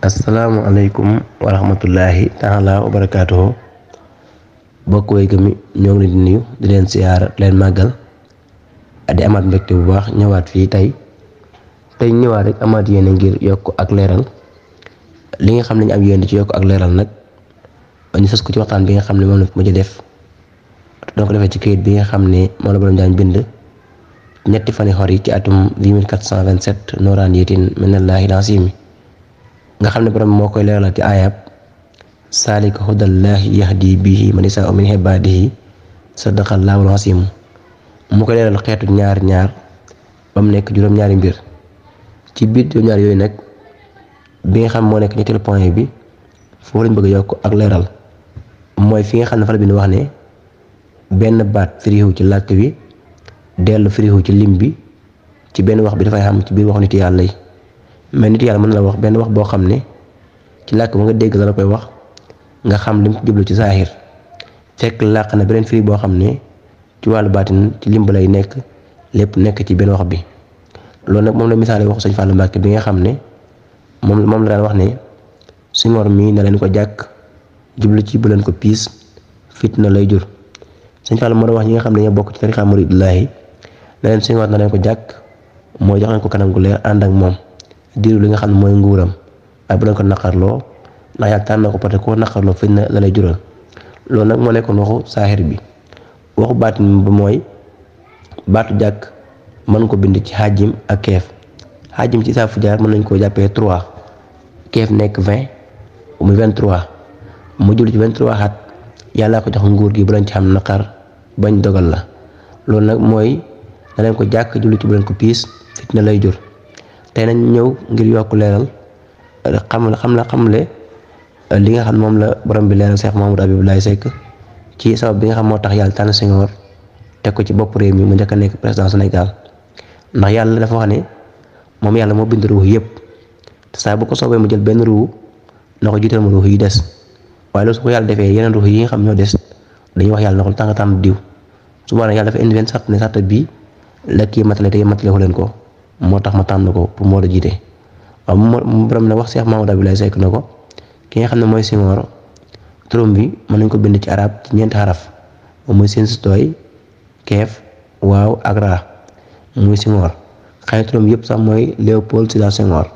asalaamualeykum wa rahmatullahi taala wa barakaatuhu bokk way gëmi ñoo ngi leen di nuyu di leen siyaara leen màggal di amaat mbégte bu baax ñëwaat fii tey tey ñëwaat rek amaat yéene ngir yokk ak leeral li nga xam ne ñu am yéene ci yokk ak leeral nag ñu sos ko ci waxtaan bi nga xam ne moom la fi mujj def donc defee ci këyit bi nga xam ne moom la borom daan bind ñetti fani xor yi ci atum 1427 nooraaniyatin minallahi laziim nga xam ne borom moo koy leeral ci aayab saalika hudallahi yahdi bihi man yasaa'u sa ibaadihi sadaqallaahul asiim mu koy leeral xeetu ñaar ñaar ba nekk juróom-ñaari mbir ci biir juróom-ñaar yooyu nag bi nga xam moo nekk ñetteelu point bi foofu lañ bëgg yokk ak leeral mooy fi nga xam ne fa la bind wax ne benn baat firiwu ci làkk bi dellu firiwu ci lim bi ci benn wax bi dafay xam ci biir waxu nit yàlla yi mais nit yàlla mën la wax benn wax boo xam ne ci làkk ba nga dégg la la koy wax nga xam lim jublu ci saahir fekk làkk na beneen firi boo xam ne ci wàllu baatin ci limba lay nekk lépp nekk ci benn wax bi loolu ne moom la misaale waxu sañ Fallou Mbacke bi nga xam ne moom moom la daan wax ne singoor mii na leen ko jàkk jublu ci bu leen ko piis na lay jur sëñ Fallou moo doon wax ñi nga xam ne ñoo bokk ci tarixa muridillaahi na leen singoor na leen ko jàkk mooy jox ko kanam gu leer ànd ak moom diiru li nga xam ne mooy nguuram waaye bu leen ko naqarloo ndax yàlla tànn na ko parce que koo naqarloo fiñ na la lay jural loolu nag moo nekkoon waxu saaxir bi waxu baatin ba mooy baatu jàkk mën ko bind ci xaajim ak keef xaajim ci saafu jaar mën nañ koo jàppee 3 keef nekk 20 muy mu jul ci 23 at yàllaa ko jox nguur gi bu leen ci xam naqar bañ dogal la loolu nag mooy na ko jàkk julli ci bu leen ko piis fitna lay jur tey nañ ñëw ngir yokk leeral euh, xam xam la xamle euh, li nga xam moom la borom bi leeral Cheikh Mamadou Abibulaye Seck ci sabab bi nga xam moo tax yàlla tànn Senghor teg ko ci bopp réew mi mu njëkk nekk président Sénégal ndax yàlla dafa wax ne moom yàlla moo bind ruux yëpp saa bu ko soobee mu jël benn ruux na ko jiital mu ruux yi des waaye loolu su ko yàlla defee yeneen ruux yi nga xam ñoo des dañuy wax yàlla na ko tànk tàmm diw su boobaa nag yàlla dafa indi benn sart ne sart bii la kii matale te matale ko leen ko. moo tax ma tànn ko pour moo la jiite waaw mu borom ne wax seex Cheikh Mamadou lay sekk na ko ki nga xam ne mooy Senghor turam bi mën nañ ko bind ci arab ci ñeenti xaraf moom mooy seen sitooy keef waaw ak muy Senghor xëy turam yëpp sax mooy si Sédar Senghor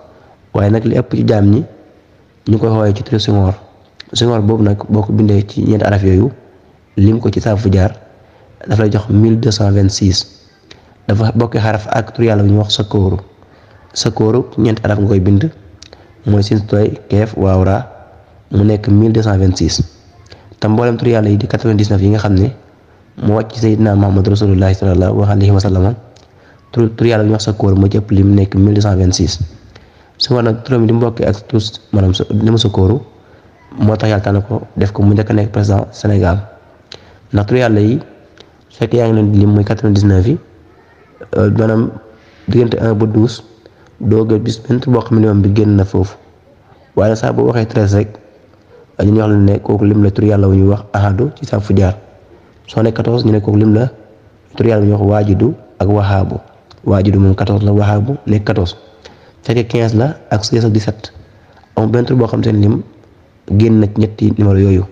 waaye nag li ëpp ci jaam ñi ñu koy xooyee ci turu Senghor Senghor boobu nag boo ko bindee ci ñeenti araf yooyu lim ko ci saafu jaar daf lay jox mille deux cent vingt six dafa bokki xaraf ak tur yàlla bu ñuy wax sakooru sakooru ñeenti xaraf nga koy bind mooy sin tooy keef waaw raa mu nekk 1226 te mboolem tur yàlla yi di 99 yi nga xam ne moo wàcc sayyidina Muhammad rasulullahi sallallahu alayhi wa sallam tur tur yàlla bu ñuy wax sakooru moo ci ëpp lim nekk 1226 su ma nag turam yi di mu bokkee ak tur maanaam li mu sakooru moo tax yàlla tànn ko def ko mu njëkk nekk président Sénégal ndax tur yàlla yi fekk yaa ngi leen di lim muy 99 yi. Euh, maanaam diggante un ba douze doog a bis benn boo xam ne moom bi génn na foofu waaye saa boo waxee treize rek ñu wax la ne kooku lim la tur yàlla wu ñuy wax ahadu ci saa fu jaar soo ne quatorze ñu ne kooku lim la tur yàlla wu ñuy wax waajidu ak wahaabu waajidu moom quatorze la wahaabu nekk quatorze fekkee quinze la ak seize ak dix-sept amul benn tur boo xam seen lim génn na ñetti numéro yooyu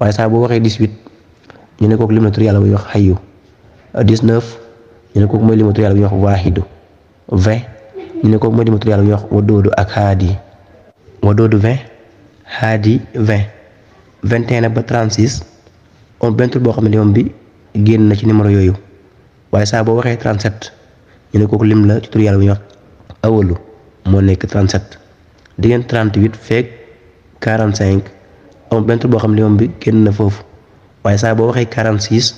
waaye saa boo waxee dix-huit ñu ne kooku lim la tur yàlla wu ñuy wax xayu euh, dix-neuf ñu ne kooku mooy limatu yàlla bu ñuy wax waaxidu vingt ñu ne kooku mooy limatu yàlla bu ñuy wax wadoodu ak haadi wadoodu vingt haadi vingt vingt et un ba trente six on boo xam ne moom bi génn na ci numéro yooyu waaye saa boo waxee trente sept ñu ne kooku lim la ci tur yàlla bu moo nekk trente sept diggante trente huit feeg quarante cinq on boo xam ne moom bi génn na foofu waaye saa boo waxee quarante six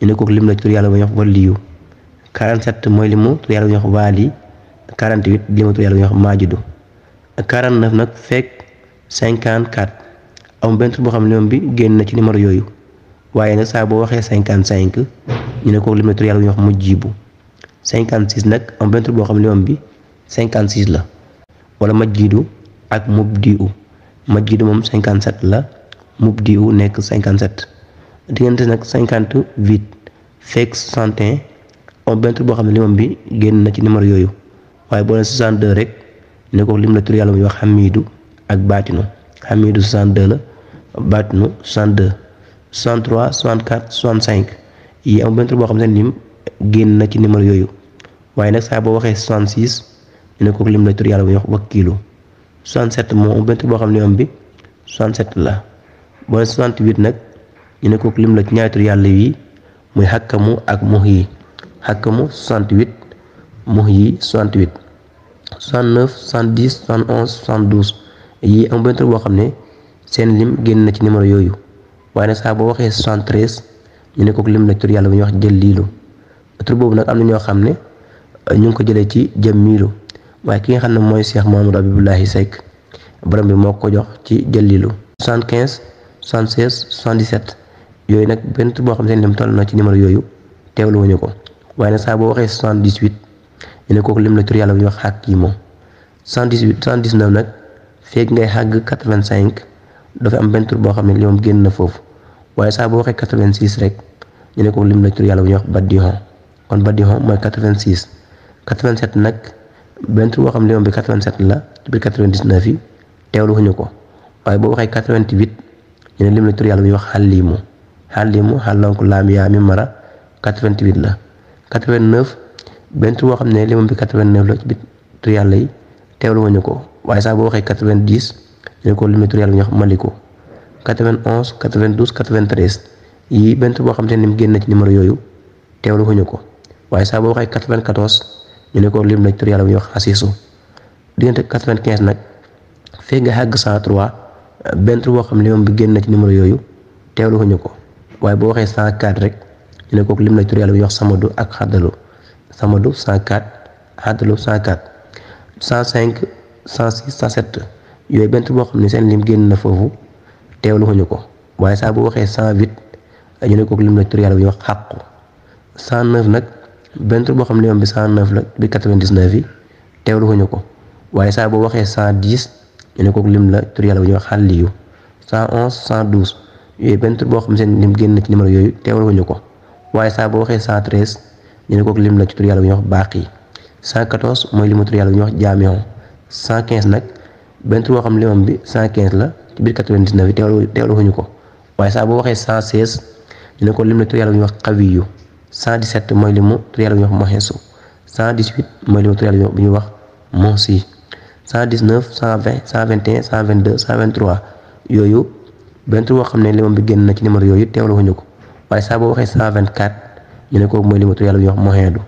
ñu ne kooku lim la ci tur yàlla bu ñuy wax waliyu 47 mooy li mu tur yàlla ñuy wax waali 48 li mu tur yàlla ñuy wax quarante 49 nag fekk cinquante 54 am benn tur boo xam ne moom bi génn na ci numéro yooyu waaye nag saa boo waxee cinquante 55 ñu ne kooku li mu tur yàlla ñuy wax mujjibu 56 nag am benn tur boo xam ne moom bi 56 la wala majjidu ak mubdiu majjidu moom 57 la mubdiu nekk 57 diggante nag 58 fekk 61. am benn tur boo xam ne limam bi génn na ci numéro yooyu waaye boo nee 62 rek ne ko lim la tur yàlla muy wax xamidu ak baatinu xamidu 62 la baatinu 62 63 64 65 yi am benn tur boo xam ne lim génn na ci numéro yooyu waaye nag saa boo waxee 66 ne ko lim la tur yàlla muy wax wakiilu 67 moom am benn tur boo xam ne limam bi 67 la boo nee 68 nag ñu ne ko lim la ci ñaari tur yi muy xakkamu ak muhi xakkamu 68 muhyi 68 69 70 71 72 yii am benn tur boo xam ne seen lim génn na ci numéro yooyu waaye nag saa boo waxee 73 ñu ne ko lim na tur yàlla bu ñuy wax jël liilu tur boobu nag am na ñoo xam ne euh, ñu ngi ko jëlee ci jëm miilu waaye ki nga xam ne mooy Cheikh Mamadou Abibulahi Seck borom bi moo ko jox ci jël liilu 75 76 77 yooyu nag benn tur boo xam ne seen lim toll na ci numéro yooyu teewlu wuñu ko waaye nag saa boo waxee soixante-dix-huit ñu ne kooku lim la tur yàlla bu ñuy wax xàkkiimu soixante-dix-huit soixante-dix-neuf nag ngay xàgg quatre dafa am benn boo xam ne li moom génn na foofu waaye saa boo waxee quatre-vingt-six rek ñu ne kooku tur yàlla bu ñuy wax baddihon kon baddihon mooy quatre-vingt-six quatre-vingt-sept boo xam ne li moom bi quatre vingt ko waaye boo waxee quatre-vingt-huit ñu ne lim la tur yàlla bu ñuy wax xàlliimu xàlliimu xàllonk laam yaa mi mara quatre-vingt-huit la 89 benn tur boo xam ne limam bi 89 la ci biir tur yàlla yi teewlu wuñu ko waaye sax boo waxee 90 dañu ko limee tur yàlla ñu ne ko 91 92 93 yii benn boo xam ne ni mu génn ci numéro yooyu teewlu wuñu ko waaye sax boo waxee 94 ñu ne ko lim na tur yàlla bu ñuy wax Asiisu diggante 95 nag fekk nga àgg 103 benn tur boo xam ne limam bi génn na ci numéro yooyu teewlu ñu ko waaye boo waxee 104 rek. ñu ne kooku lim na tur yàlla bu ñuy wax samadu ak xaddalu samadu 104 xaddalu 104 105 106 107 yooyu benn boo xam ne seen lim génn na foofu teewlu ko ñu ko waaye saa bu waxee 108 ñu ne kooku lim na tur yàlla bu ñuy wax xàqu 109 nag benn boo xam ne moom bi 109 la bi 99 yi teewlu ko ñu ko waaye saa bu waxee 110 ñu ne kooku lim la tur yàlla bu ñuy wax xàlliyu 111 112 yooyu benn boo xam ne seen lim génn na ci numéro yooyu teewlu ko ñu ko. waaye saa boo waxee 113 ñu ne kooku lim la ci tur yàlla bu ñuy wax baaq yi 114 mooy limu tur yàlla bu ñuy wax jaamion 115 nag benn tur boo xam limam bi 115 la ci biir 99 yi teewlu teewlu wuñu ko waaye saa boo waxee cent 116 ñu ne ko lim la tur yàlla bu ñuy wax xawiyu 117 mooy limu tur yàlla bu ñuy wax moxeesu 118 mooy limu tur yàlla bu ñuy wax monsi 119 120 121 122 123 yooyu benn tur boo xam ne limam bi génn na ci numéro yooyu teewlu wuñu ko. waaye saa boo waxee cent vingt quatre ñu ne kooku mooy limatu yàlla bu ñuy wax mohindou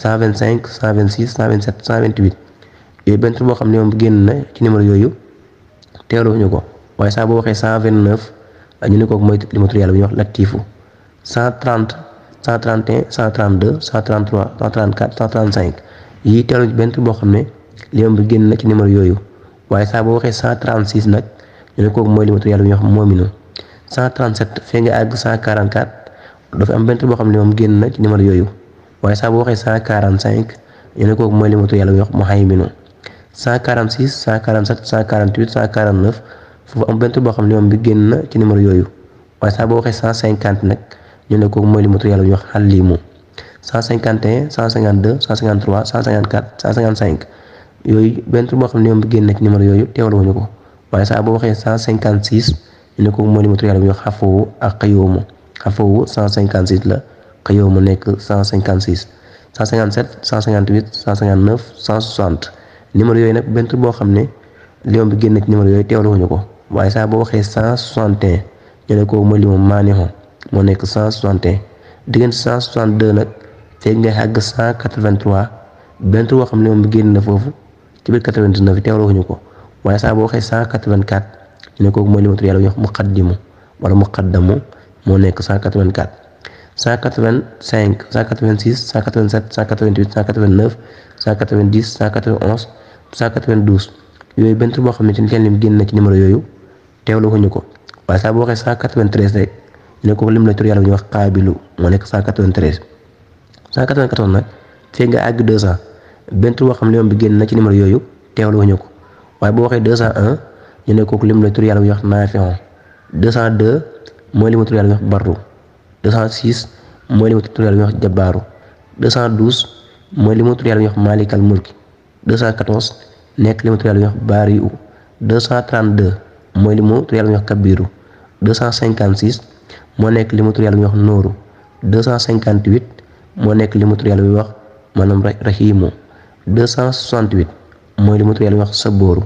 cent vingt cinq cent vingt six cent vingt sept cent vingt huit yooyu benn boo xam ne moom génn na ci numéro yooyu teeluñu ko waaye saa boo waxee cent vingt neuf ñu ne kooku mooy limatu yàlla bu ñuy wax latifu cent trente cent trente et un cent trente deux cent trente trois cent trente cinq yii teeluñu ci boo xam ne limam bi génn na ci numéro yooyu waaye saa boo waxee cent trente six nag ñu ne kooku mooy limatu yàlla bu ñuy wax moominu 137 fee nga àgg 144 dafa am benn xam ne moom génn ci numéro yooyu waaye saa bu waxee 145 ñu ne kooku mooy limatu yàlla bi wax muhayminu 146 147 148 149 foofu am benn tur boo xam ne moom bi génn na ci numéro yooyu waaye saa bu waxee 150 nag ñu ne kooku mooy limatu yàlla bi wax xalimu 151 152 153 154 155 yooyu benn tur boo xam ne moom bi génn na numéro yooyu teewlu wuñu ko waaye saa bu waxee 156 ñu ne ko moo ni mu tur yàlla bu ñu wax xafoowu ak xayoomu xafoowu 156 la xayoomu nekk 156 157 158 159 160 numéro yooyu nag benn tur boo xam ne lion bi génn ci numéro yooyu teewluwuñu ko waaye saa boo waxee 161 ñu ne ko mooy limu maanixo moo nekk 161 diggante 162 nag feeg ngay àgg 183 benn tur boo xam ne moom génn na foofu ci biir 89 teewluwuñu ko waaye saa boo waxee 184 ñu ne kooku mooy limatu yàlla bu ñuy wax muqaddimu wala muqaddamu moo nekk 184 185 186 187 188 189 190 191 192 yooyu benn tur boo xam ne ci kenn lim génn na ci numéro yooyu teewlu ko ñu ko waaye saa boo waxee 193 rek ñu ne kooku lim la tur yàlla bu ñuy wax qaabilu moo nekk 193 194 nag fii nga àgg 200 benn tur boo xam ne moom bi génn na ci numéro yooyu teewlu ko ñu ko waaye boo waxee 201. ñu ne kooku lim la tur yàlla bu ñuy wax naafion 202 mooy limu tur yàlla bu ñuy wax barru 206 mooy limu tur yàlla bu ñuy wax jabaaru 212 mooy limu mu yàlla bu ñuy wax maalikal mulki 214 nekk limu tur yàlla bu ñuy wax baariu 232 mooy limu tur yàlla bu ñuy wax kabiru 256 moo nekk limu tur yàlla bu ñuy wax nooru 258 moo nekk limu tur yàlla bu ñuy wax maanaam rahimu 268 mooy limu tur yàlla bu ñuy wax sabooru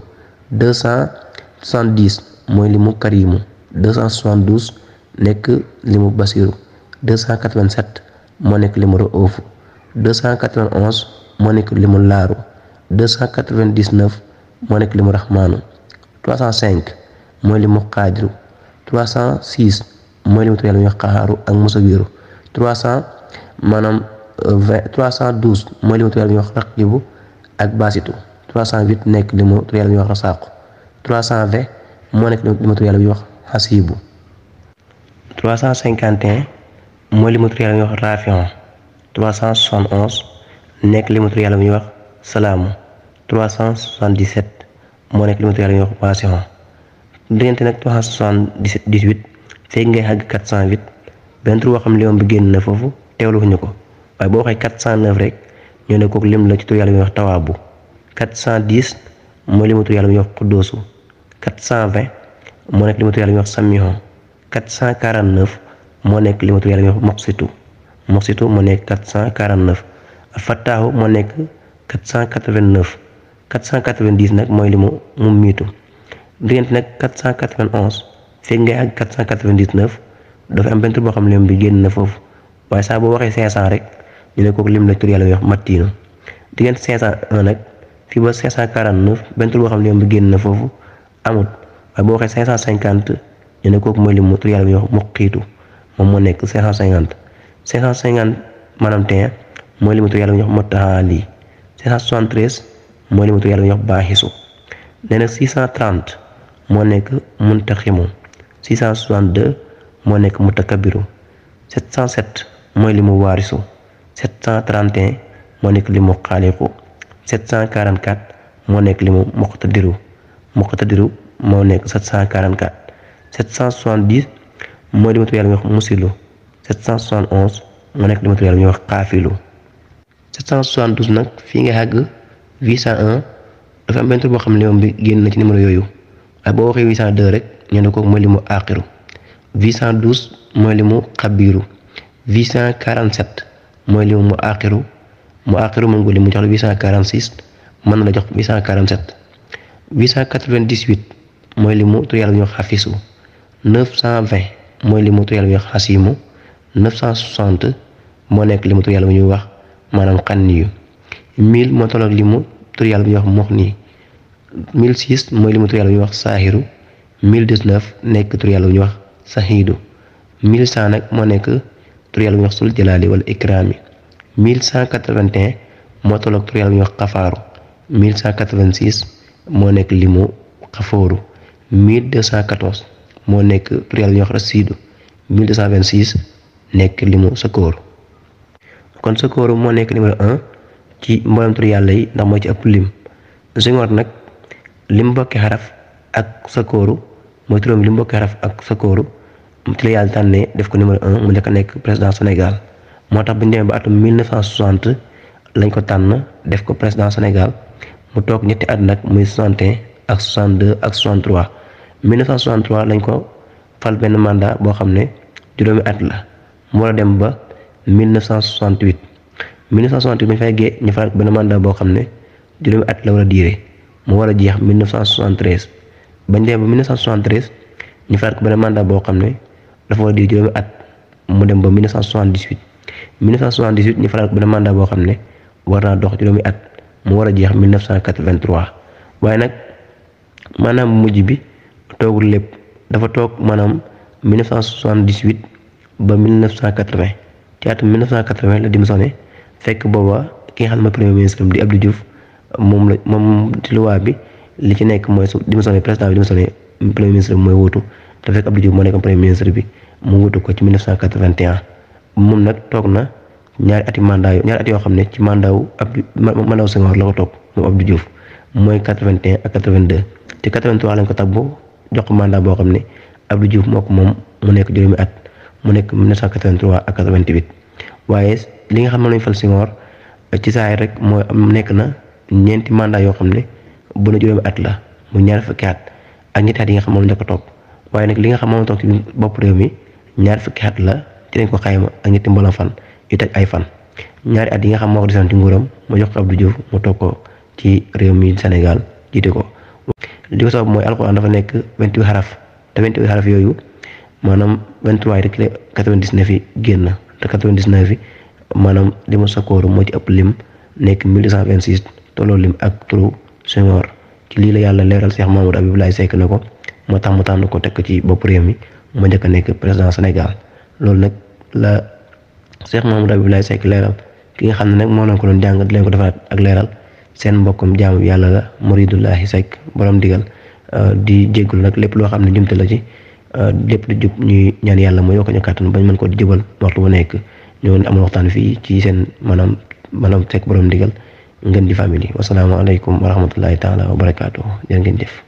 200 110 mooy limu Karimu 272 nekk limu Basiru 287 moo nekk limu Ra'uufu 291 moo nekk limu Laaru 299 moo nekk limu Raxmaanu 305 mooy limu Qaadiru 306 mooy limu tur yàlla ñu Qahaaru ak Musawiru 300 maanaam 20 euh, 312 mooy limu tur yàlla ñu wax Raqibu ak Baasitu 308 nekk limu tur yàlla ñu wax Rasaaqu 320 moo nekk limatu yàlla bi ñuy wax xasiibu 351 mooy limatu yàlla bi ñuy wax raafion 371 nekk limatu yàlla bi ñuy wax salaamu 377 moo nekk limatu yàlla bi ñuy wax waasiyon diggante nag 378 fekk ngay xàgg 408 benn tur boo xam limam bi génn na foofu teewluwuñu ko waaye boo waxee 409 rek ñoo ne kooku lim la ci tur yàlla bi ñuy wax tawaabu 410 mooy li mu tur yàlla ñuy wax Quddoosu 420 moo nekk li mu tur yàlla ñuy wax Samihon 449 moo nekk li mu tur yàlla ñuy wax Moqsitu Moqsitu moo nekk 449 Fattaahu moo nekk 489 490 nag mooy li mu mu miitu diggante nag 491 fekk ngay ak 499 dafa am benn tur boo xam lim bi génn na foofu waaye saa boo waxee 500 rek ñu ne kooku lim la tur yàlla ñuy wax Mattiinu diggante 501 nag. fii ba 549 benn tur boo xam ne yoon bi génn na foofu amut waaye boo waxee 550 ñu ne kooku mooy li mu tur yàlla bi wax muqiitu moom moo nekk 550 550 maanaam tey mooy li mu tur yàlla bi wax mottaali 573 mooy li mu tur yàlla bi wax baaxisu nee na 630 moo nekk muntaximu 662 moo nekk mutakabiru 707 mooy li mu waarisu 731 moo nekk li mu xaaliqu 744 moo nekk li mu muqtadiru muqtadiru moo nekk 744 770 mooy li ma tudd yàlla ñuy wax musilu 771 moo nekk li ma tudd yàlla ñuy wax xaafilu 772 nag fii nga àgg 801 dafa am benn tur boo xam ne moom bi génn na ci numéro yooyu waaye boo waxee 802 rek ñu ne ko mooy li mu aaqiru 812 mooy li mu xabiiru 847 mooy li mu aaqiru mu akhiru man mongoli mu jox 846 man la jox 847 898 moy li mu tu yalla ñu xafisu 920 moy li mu tu yalla ñu xasimu 960 mo nek li mu tu yalla ñu wax manam xanni kan yu 1000 mo tolok li mu tu yalla ñu wax mokhni nii 1006 mooy li mu tu yalla ñu wax sahiru 1019 nek tu yalla ñu wax sahidu 1100 nak mo nek tu yalla ñu wax sul jalali wal ikrami mille cent 1181 moo tolloog tur yàlla bu ñuy wax xafaaru 1186 moo nekk limu xafooru 1214 moo nekk tur yàlla bu ñuy wax rasiidu 1226 nekk limu sakooru kon sakooru moo nekk numéro 1 ci mboolem tur yàlla yi ndax moo ci ëpp lim Senghor nag lim bokki xaraf ak sa kooru mooy turam lim bokki xaraf ak sa sakooru ci la yàlla tànnee def ko numéro 1 mu njëkk a nekk président Sénégal moo tax bañ ñu demee ba atum 1960 lañ ko tànn def ko président Sénégal mu toog ñetti at nag muy 61 ak 62 ak 63 1963 lañ ko fal benn mandat boo xam ne juróomi at la mu war a dem ba 1968 1968 bu ñu fay gee ñu fal benn mandat boo xam ne juróomi at la war a diire mu war a jeex 1973 bañ demee ba 1973 ñu fal ko benn mandat boo xam ne dafa war a diir juróomi at mu dem ba 1978. 1978 ñu faral ko benn mandat boo xam ne war naa dox juróomi at mu war a jeex 1983 waaye nag maanaam mujj bi toogul lépp dafa toog maanaam 1978 ba 1980 ci atum 1980 la démissionné fekk booba ki nga xam ne mooy premier ministre di Abdou Diouf moom la moom ci luwaa bi li ci nekk mooy su démissionné président bi démissionné premier ministre bi mooy wuutu te fekk Abdou Diouf moo nekk premier moom nag toog na ñaari ati mandat yo ñaari yoo xam ne ci mandat wu Abdou mandat wu la ko toog moom Abdou Diouf mooy 81 ak 82 te 83 lañ ko bu jox ko mandat boo xam ne Abdou Diouf moo ko moom mu nekk juróomi at mu nekk 1983 ak 88 waaye li nga xam ne lañ fal Senghor ci saa yi rek mooy nekk na ñeenti mandat yoo xam ne bu na juróomi at la mu ñaar fukki at ak ñetti at yi nga xam moom la ko toog waaye nag li nga xam moom toog ci bopp réew mi ñaar fukki at la. ci lañ ko xayma ak ñetti mbolom fan yu teg ay fan ñaari at yi nga xam moo ko desoon ci nguuram mu jox ko Abdou Diouf mu toog ko ci réew mi Sénégal jiite ko li ko sabab mooy alxuraan dafa nekk vingt-huit xaraf te vingt-huit xaraf yooyu maanaam vingt-trois rek la quatre-vingt-dix-neuf yi génn te quatre vingt dix moo ci ëpp lim nekk mille deux cent vingt-six tolloo lim ak turu Senghor ci lii la yàlla leeral Cheikh Mamadou Abdoulaye Seck na ko moo tax mu tànn ko teg ko ci bopp réew mi mu njëkk a nekk président Sénégal loolu nag la Cheikh Mamadou Abdoulaye Seck leeral ki nga xam ne nag moo leen ko doon jàng di leen ko defaraat ak leeral seen mbokkum jaamu yàlla la Muridullahi Seck borom digal euh, di jégalu nag lépp loo xam ne jumte la ci euh, lépp lu jub ñuy ñaan yàlla mu yokk ñu kàttan bañ mën ko di jubal waxtu bu nekk ñoo amal waxtaan fii ci seen maanaam maanaam Seck borom digal ngeen di famille wasalaamaaleykum wa rahmatullahi taala wa barakaatuhu jërë ngeen jëf